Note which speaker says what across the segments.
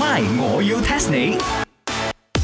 Speaker 1: My，我要 test 你，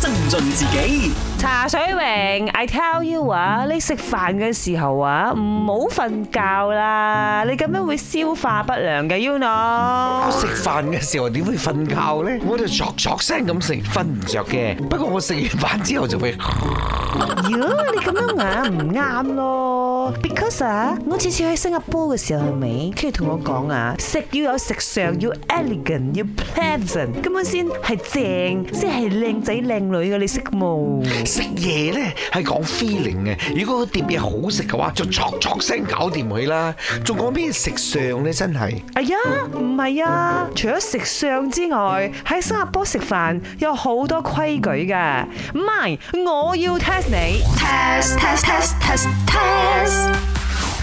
Speaker 1: 增進自己。茶水榮，I tell you 啊，你食飯嘅時候啊，唔好瞓覺啦，你咁樣會消化不良嘅。You know？我食
Speaker 2: 飯嘅時候點會瞓覺咧？我就作作聲咁食，瞓唔着嘅。不過我食完飯之後就會。
Speaker 1: 喲，你咁樣硬唔啱咯？Because 啊，我次次喺新加坡嘅時候係咪？佢哋同我講啊，食要有食相，要 elegant，要 pleasant。咁我先係正，先係靚仔靚女嘅，你識冇？食嘢咧
Speaker 2: 係講 feeling 嘅，如果碟嘢好食嘅話，就啪啪聲搞掂佢啦。仲講咩食相咧？真係。
Speaker 1: 哎呀，唔係啊，除咗食相之外，喺新加坡食飯有好多規矩嘅。My，我要 test 你。Test test test test test。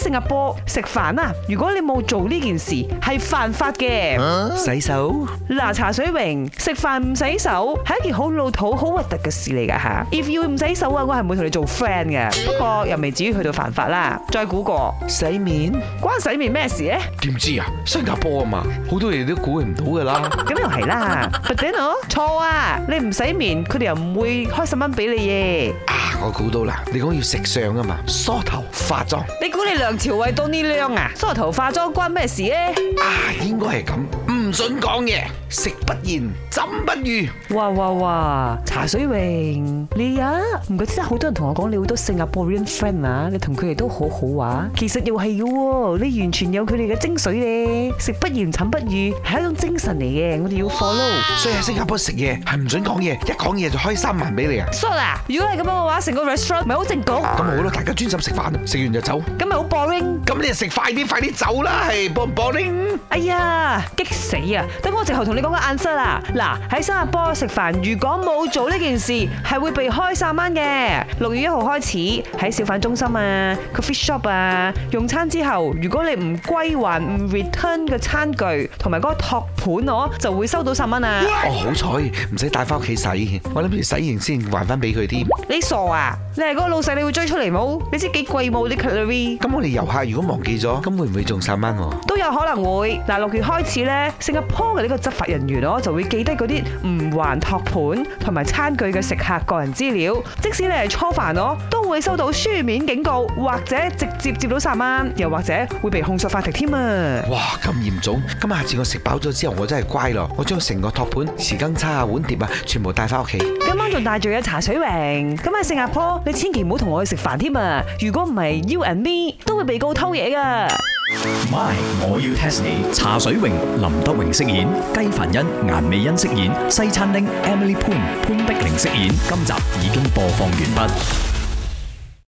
Speaker 1: 新加坡食飯啊！如果你冇做呢件事，係犯法嘅。洗手嗱，茶水榮食飯唔洗手，係一件好老土、好核突嘅事嚟噶吓。If 要唔洗手啊，我係唔會同你做 friend 嘅。不過又未至於去到犯法啦。再估個，洗面臉關洗面咩事咧？
Speaker 2: 點知啊？新加坡啊嘛，好多嘢都估計唔到噶啦。咁又係啦。
Speaker 1: Butler 錯啊！你唔洗面，佢哋又唔會開十蚊俾你嘅。啊！
Speaker 2: 我估到啦。你講要食相啊嘛？梳頭、化妝，
Speaker 1: 你估你梁朝偉都呢兩啊，梳頭化妝關咩事咧？啊，應該係咁，唔准講嘢。食不言，寢不語。哇哇哇！茶水榮，你啊，唔怪得真係好多人同我講，你好多新加坡 ian friend 啊，你同佢哋都好好啊。其實又係要喎，你完全有佢哋嘅精髓咧。食不言，寢不語係一種精神嚟嘅，我哋要 follow。哇所
Speaker 2: 以喺新加坡食嘢係唔准講嘢，一
Speaker 1: 講嘢就開三萬俾你啊。
Speaker 2: Sir 啊，如果係咁樣
Speaker 1: 嘅話，成個 restaurant 咪、啊、好靜局？
Speaker 2: 咁咪好咯，大家專心食飯，食完就走。
Speaker 1: 咁咪好 boring。咁你食快啲，快啲走啦，係 boring？哎呀，激死啊！等我直頭同。你講個 answer 啊！嗱，喺新加坡食飯，如果冇做呢件事，係會被開十蚊嘅。六月一號開始，喺小販中心啊、coffee shop 啊用餐之後，如果你唔歸還唔 return 嘅餐具同埋嗰個托盤，我就會收到十蚊啊！哦，好
Speaker 2: 彩唔使帶翻屋企洗，我諗住洗完先還翻俾佢添，你傻啊！你係嗰個老細，你會追出嚟冇？你知幾貴冇啲 k l 咁我哋遊客如果忘記咗，咁會唔會仲十蚊喎？
Speaker 1: 都有可能會嗱。六月開始咧，新加坡嘅呢個執法人員囉就會記得嗰啲唔還托盤同埋餐具嘅食客個人資料。即使你係初犯，囉都會收到書面警告，或者直接接到十蚊，又或者會被控訴法庭添啊！哇，
Speaker 2: 咁嚴重！咁下次我食飽咗之後，我真係乖咯，我將成個托盤、匙羹、叉啊、碗碟啊，全部帶翻屋企。
Speaker 1: 今晚仲帶住有茶水榮，咁啊，新加坡。你千祈唔好同我去食飯添啊！如果唔係，You and Me 都會被告偷嘢噶。My，我要 test 你。茶水榮、林德榮飾演，雞凡恩、顏美恩飾演，西餐廳 Emily Poon 潘碧玲飾演。今集已經播放完畢。